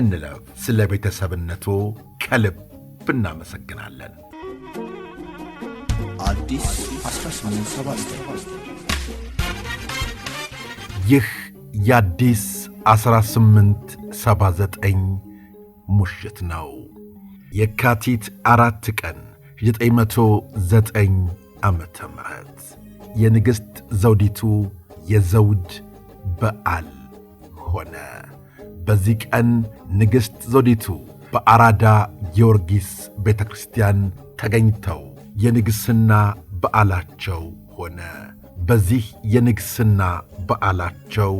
እንለፍ። ስለ ቤተሰብነቱ ከልብ እናመሰግናለን። ይህ የአዲስ 1879 ሙሽት ነው። የካቲት አራት ቀን 909 ዓመተ ምህረት የንግሥት ዘውዲቱ የዘውድ በዓል ሆነ። በዚህ ቀን ንግሥት ዘውዲቱ በአራዳ ጊዮርጊስ ቤተ ክርስቲያን ተገኝተው የንግሥና በዓላቸው ሆነ። በዚህ የንግሥና በዓላቸው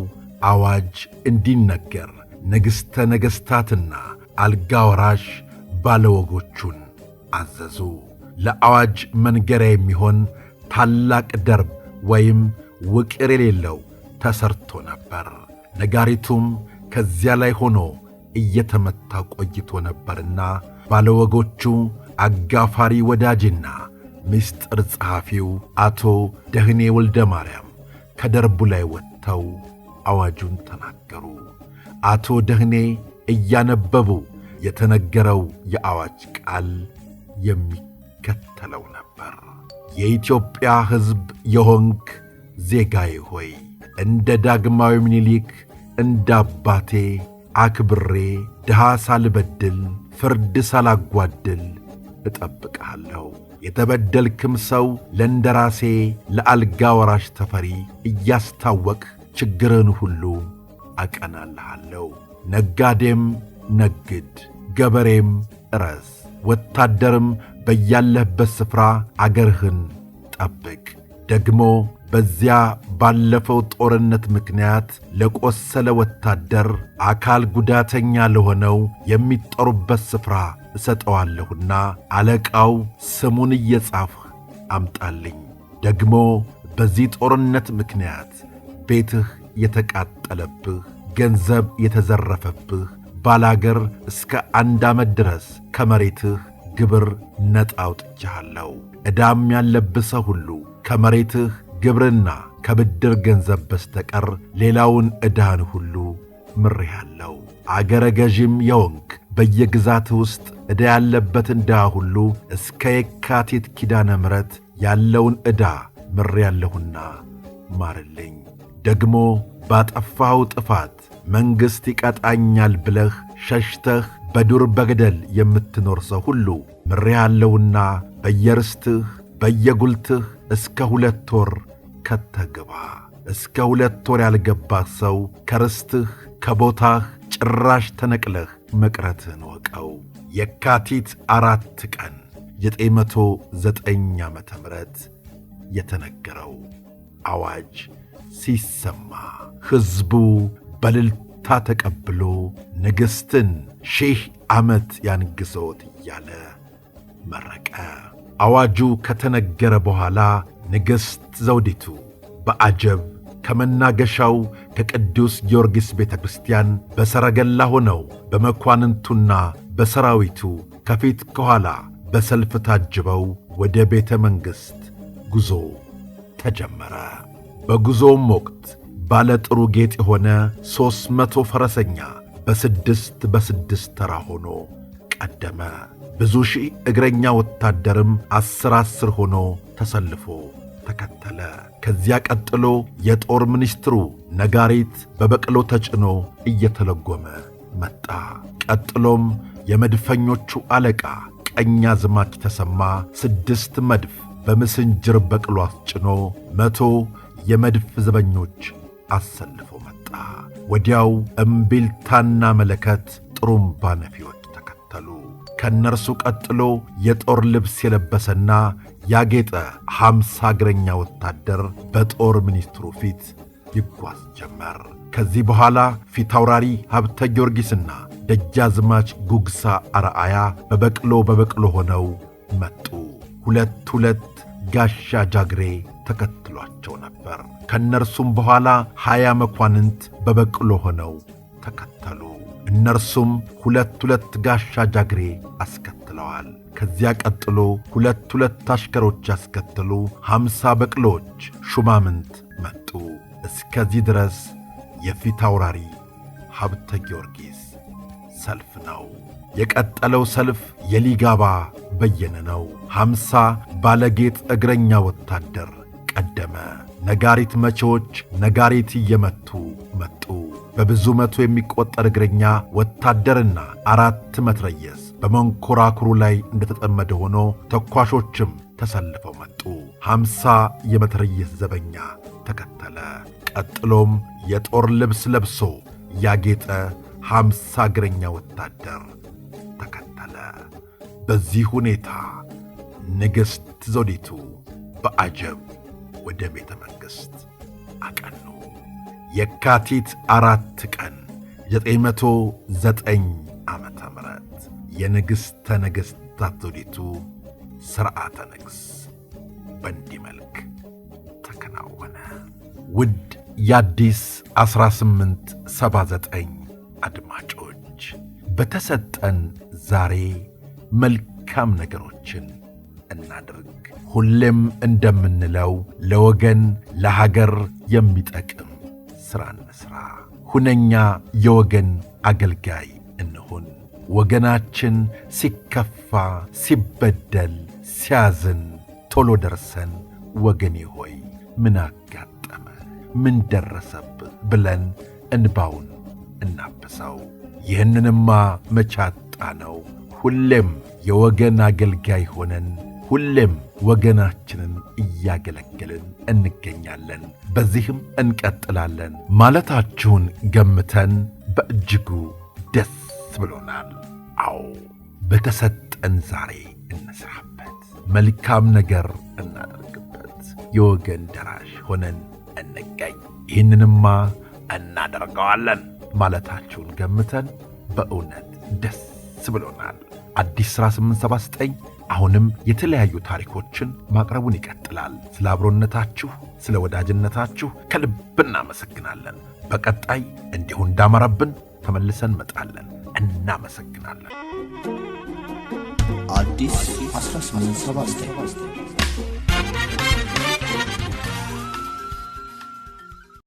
አዋጅ እንዲነገር ንግሥተ ነገሥታትና አልጋወራሽ ባለወጎቹን አዘዙ። ለአዋጅ መንገሪያ የሚሆን ታላቅ ደርብ ወይም ውቅር የሌለው ተሰርቶ ነበር። ነጋሪቱም ከዚያ ላይ ሆኖ እየተመታ ቆይቶ ነበርና ባለወጎቹ አጋፋሪ ወዳጅና ምስጢር ጸሐፊው አቶ ደህኔ ወልደ ማርያም ከደርቡ ላይ ወጥተው አዋጁን ተናገሩ። አቶ ደህኔ እያነበቡ የተነገረው የአዋጅ ቃል የሚከተለው ነበር። የኢትዮጵያ ሕዝብ የሆንክ ዜጋዬ ሆይ እንደ ዳግማዊ ምኒልክ እንደ አባቴ አክብሬ ድሃ ሳልበድል ፍርድ ሳላጓድል እጠብቅሃለሁ። የተበደልክም ሰው ለእንደራሴ ለአልጋ ወራሽ ተፈሪ እያስታወቅ ችግርን ሁሉ አቀናልሃለሁ። ነጋዴም ነግድ፣ ገበሬም እረስ፣ ወታደርም በያለህበት ስፍራ አገርህን ጠብቅ። ደግሞ በዚያ ባለፈው ጦርነት ምክንያት ለቆሰለ ወታደር፣ አካል ጉዳተኛ ለሆነው የሚጠሩበት ስፍራ እሰጠዋለሁና አለቃው ስሙን እየጻፍህ አምጣልኝ። ደግሞ በዚህ ጦርነት ምክንያት ቤትህ የተቃጠለብህ፣ ገንዘብ የተዘረፈብህ፣ ባላገር እስከ አንድ ዓመት ድረስ ከመሬትህ ግብር ነጣ አውጥቼሃለሁ። ዕዳም ያለብሰ ሁሉ ከመሬትህ ግብርና ከብድር ገንዘብ በስተቀር ሌላውን እዳን ሁሉ ምሬሃለሁ። አገረ ገዥም የወንክ በየግዛት ውስጥ ዕዳ ያለበትን ድሃ ሁሉ እስከ የካቲት ኪዳነ ምረት ያለውን ዕዳ ምሬአለሁና ማርልኝ። ደግሞ ባጠፋኸው ጥፋት መንግሥት ይቀጣኛል ብለህ ሸሽተህ በዱር በገደል የምትኖር ሰው ሁሉ ምሬአለሁና በየርስትህ በየጉልትህ እስከ ሁለት ወር ከተግባ። እስከ ሁለት ወር ያልገባህ ሰው ከርስትህ ከቦታህ ጭራሽ ተነቅለህ መቅረትህን ወቀው። የካቲት አራት ቀን ዘጠኝ ዓመተ ምህረት የተነገረው አዋጅ ሲሰማ ሕዝቡ በልልታ ተቀብሎ ንግሥትን ሺህ ዓመት ያንግሶት እያለ መረቀ። አዋጁ ከተነገረ በኋላ ንግሥት ዘውዲቱ በአጀብ ከመናገሻው ከቅዱስ ጊዮርጊስ ቤተ ክርስቲያን በሰረገላ ሆነው በመኳንንቱና በሰራዊቱ ከፊት ከኋላ በሰልፍ ታጅበው ወደ ቤተ መንግሥት ጉዞ ተጀመረ። በጉዞውም ወቅት ባለ ጥሩ ጌጥ የሆነ ሦስት መቶ ፈረሰኛ በስድስት በስድስት ተራ ሆኖ ቀደመ። ብዙ ሺህ እግረኛ ወታደርም አስር አስር ሆኖ ተሰልፎ ተከተለ። ከዚያ ቀጥሎ የጦር ሚኒስትሩ ነጋሪት በበቅሎ ተጭኖ እየተለጎመ መጣ። ቀጥሎም የመድፈኞቹ አለቃ ቀኛ ዝማች ተሰማ ስድስት መድፍ በምስንጅር በቅሎ አስጭኖ መቶ የመድፍ ዘበኞች አሰልፎ መጣ። ወዲያው እምቢልታና መለከት ጥሩምባ ነፊ ከእነርሱ ቀጥሎ የጦር ልብስ የለበሰና ያጌጠ ሐምሳ እግረኛ ወታደር በጦር ሚኒስትሩ ፊት ይጓዝ ጀመር። ከዚህ በኋላ ፊታውራሪ ሀብተ ጊዮርጊስና ደጃዝማች ጉግሳ አርአያ በበቅሎ በበቅሎ ሆነው መጡ። ሁለት ሁለት ጋሻ ጃግሬ ተከትሏቸው ነበር። ከእነርሱም በኋላ ሀያ መኳንንት በበቅሎ ሆነው ተከተሉ። እነርሱም ሁለት ሁለት ጋሻ ጃግሬ አስከትለዋል። ከዚያ ቀጥሎ ሁለት ሁለት አሽከሮች ያስከተሉ ሀምሳ በቅሎች ሹማምንት መጡ። እስከዚህ ድረስ የፊት አውራሪ ሀብተ ጊዮርጊስ ሰልፍ ነው። የቀጠለው ሰልፍ የሊጋባ በየነ ነው። ሀምሳ ባለጌጥ እግረኛ ወታደር ቀደመ። ነጋሪት መቼዎች ነጋሪት እየመቱ በብዙ መቶ የሚቆጠር እግረኛ ወታደርና አራት መትረየስ በመንኮራኩሩ ላይ እንደተጠመደ ሆኖ ተኳሾችም ተሰልፈው መጡ። ሐምሳ የመትረየስ ዘበኛ ተከተለ። ቀጥሎም የጦር ልብስ ለብሶ ያጌጠ ሐምሳ እግረኛ ወታደር ተከተለ። በዚህ ሁኔታ ንግሥት ዘውዲቱ በአጀብ ወደ ቤተ መንግሥት አቀኑ። የካቲት አራት ቀን 909 ዓ ም የንግሥተ ነገሥታት ዘውዲቱ ሥርዓተ ንግሥ በእንዲህ መልክ ተከናወነ። ውድ የአዲስ 1879 አድማጮች በተሰጠን ዛሬ መልካም ነገሮችን እናድርግ። ሁሌም እንደምንለው ለወገን ለሀገር የሚጠቅም ሥራን እንሥራ። ሁነኛ የወገን አገልጋይ እንሁን። ወገናችን ሲከፋ፣ ሲበደል፣ ሲያዝን ቶሎ ደርሰን ወገኔ ሆይ ምን አጋጠመ፣ ምን ደረሰብህ ብለን እንባውን እናብሰው። ይህንንማ መቻጣ ነው። ሁሌም የወገን አገልጋይ ሆነን ሁሌም ወገናችንን እያገለገልን እንገኛለን። በዚህም እንቀጥላለን ማለታችሁን ገምተን በእጅጉ ደስ ብሎናል። አዎ በተሰጠን ዛሬ እንስራበት፣ መልካም ነገር እናደርግበት፣ የወገን ደራሽ ሆነን እንገኝ። ይህንንማ እናደርገዋለን ማለታችሁን ገምተን በእውነት ደስ ብሎናል። አዲስ 879 አሁንም የተለያዩ ታሪኮችን ማቅረቡን ይቀጥላል። ስለ አብሮነታችሁ፣ ስለ ወዳጅነታችሁ ከልብ እናመሰግናለን። በቀጣይ እንዲሁ እንዳመረብን ተመልሰን እንመጣለን። እናመሰግናለን። አዲስ 1879